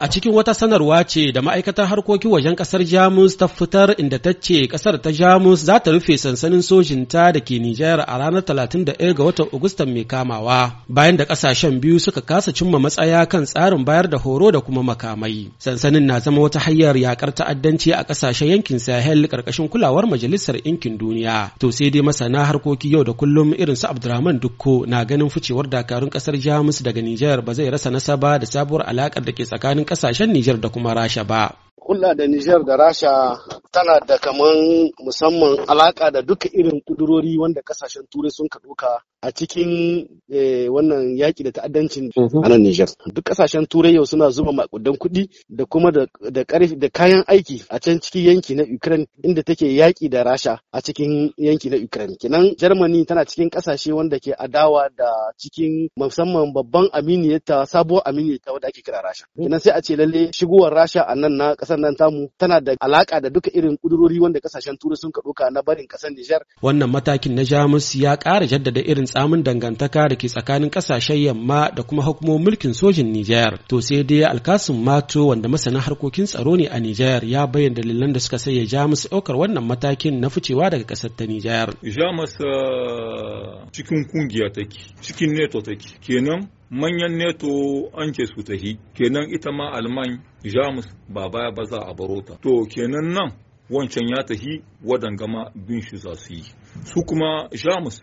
A cikin wata sanarwa ce da ma'aikatar harkokin wajen ƙasar Jamus ta fitar inda ta ce ƙasar ta Jamus za ta rufe sansanin sojinta da ke Nijar a ranar 31 ga watan Agustan mai kamawa, bayan da ƙasashen biyu suka kasa cimma matsaya kan tsarin bayar da horo da kuma makamai. Sansanin na zama wata hanyar yakar ta'addanci a ƙasashen yankin Sahel ƙarƙashin kulawar Majalisar Ɗinkin Duniya. To sai dai masana harkoki yau da kullum irin su Abdurrahman Dukko na ganin ficewar dakarun ƙasar Jamus daga Nijar ba zai rasa nasaba da sabuwar alaƙar da ke tsakanin kasashen Nijar da kuma Rasha ba. Kulla da Nijar da Rasha tana da kaman musamman alaƙa da duka irin ƙudurori wanda kasashen turai sun ka ɗauka a cikin eh, wannan yaƙi da ta'addancin mhm. a nan Nijar. Duk ƙasashen Turai yau suna zuba makudan kuɗi da kuma da ƙarfi da kayan aiki a can cikin yanki na Ukraine inda take yaƙi da Rasha a cikin yanki na Ukraine. Kinan Germany tana cikin ƙasashe wanda ke adawa da cikin musamman babban aminiyata sabuwar aminiyata wadda ake kira Rasha. Mhm. Kinan sai a ce lalle shigowar Rasha a nan na ƙasar nan tamu tana da alaƙa da duka irin ƙudurori wanda ƙasashen Turai sun ka ɗauka na barin ƙasar Nijar. Wannan matakin na Jamus ya ƙara jaddada irin tsamin dangantaka da ke tsakanin kasashen yamma da kuma hukumomin mulkin sojin Nijar. To sai dai alkasun mato wanda masanin harkokin tsaro ne a Nijar ya bayyana dalilan da suka sanya Jamus ɗaukar wannan matakin na ficewa daga ƙasar ta Nijar. Jamus cikin kungiya take, cikin neto take. Kenan manyan neto an ce su tahi, kenan ita ma Alman Jamus ba baya ba za a baro ta. To kenan nan wancan ya tahi gama bin shi za su yi su kuma jamus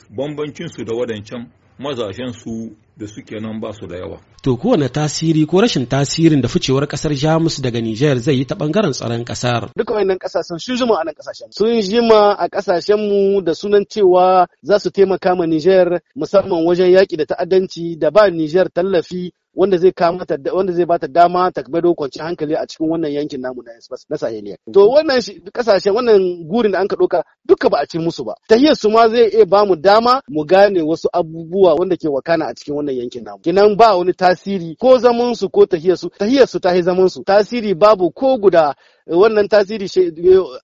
su da wadancan mazashen su da suke nan ba su da yawa. To kowane tasiri ko rashin tasirin da ficewar kasar Jamus daga Nijar zai yi ta bangaren tsaron kasar. Duka wayannan kasashen sun jima a nan kasashen. Sun jima a kasashen mu da sunan cewa za su taimaka ma Nijar musamman wajen yaƙi da ta'addanci da ba Nijar tallafi wanda zai kama wanda zai bata dama ta kwanciyar kwanci hankali a cikin wannan yankin namu na na Saheliya to wannan kasashen wannan gurin da an ka doka duka ba a ci musu ba tahiyar su ma zai iya ba mu dama mu gane wasu abubuwa wanda ke wakana a cikin wannan yankin namu kinan ba wani tasiri ko zaman su ko tahiyar su tahiyar su ta zaman su tasiri babu ko guda wannan tasiri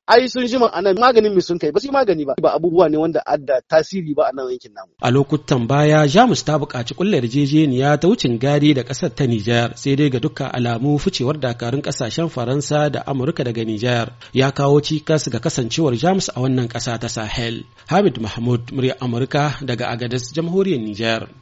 ai sun jima a maganin mi sun kai ba su magani ba ba abubuwa ne wanda adda tasiri ba a nan yankin namu a lokutan baya jamus ta buƙaci kulla yarjejeniya ta wucin gari da ƙasar ta Nijar sai dai ga dukkan alamu ficewar dakarun ƙasashen Faransa da Amurka daga Nijar ya kawo cikas ga kasancewar Jamus a wannan ƙasa ta Sahel Hamid Mahmud murya Amurka daga Agadez jamhuriyar Nijar